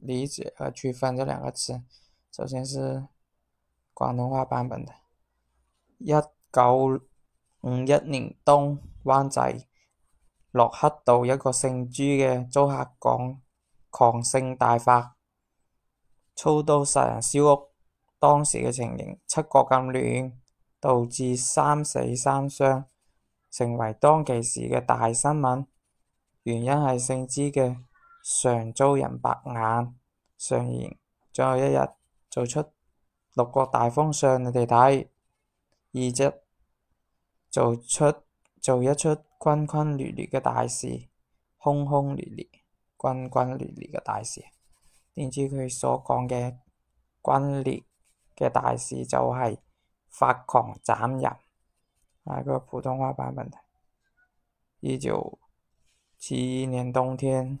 理解和區分這兩個詞，首先是廣東話版本的。一九五一年冬，灣仔洛克道一個姓朱嘅租客講狂性大發，操刀殺人燒屋，當時嘅情形七國咁亂，導致三死三傷，成為當其時嘅大新聞。原因係姓朱嘅。常遭人白眼，常言總有一日做出六國大封相你哋睇，意即做出做一出轟轟烈烈嘅大事，轟轟烈烈、轟轟烈烈嘅大事。點知佢所講嘅轟烈嘅大事就係發狂斬人。嚟、啊嗰個普通話版本嘅。一九七一年冬天。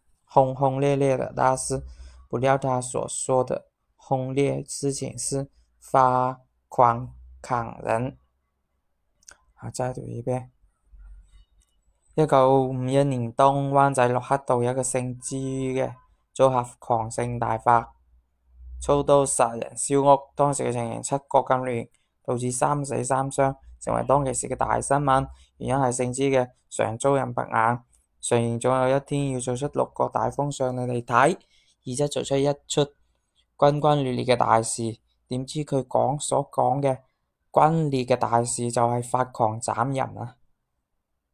轟轟烈烈的大事，不料他所說的轟烈事情是發狂砍人。啊，再讀一遍，一九五一年冬，灣仔洛克道有一個姓朱嘅租客狂性大發，操刀殺人燒屋，當時嘅情形七國咁亂，導致三死三傷，成為當其時嘅大新聞。原因係姓朱嘅常遭人白眼。常言，總有一天要做出六國大封相你哋睇，而且做出一出轟轟烈烈嘅大事。點知佢講所講嘅轟烈嘅大事就係發狂斬人啊！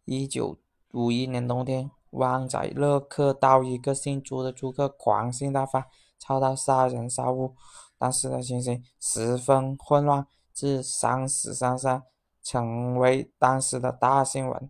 一九五一年冬天灣仔洛克道一個姓朱的租客狂性大發，操刀殺人燒屋，當時嘅情形十分混亂，至三死三傷，成為當時的大新聞。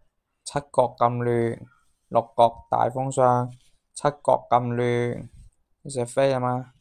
七國咁亂，六國大封相，七國咁亂，你食飛啊嘛？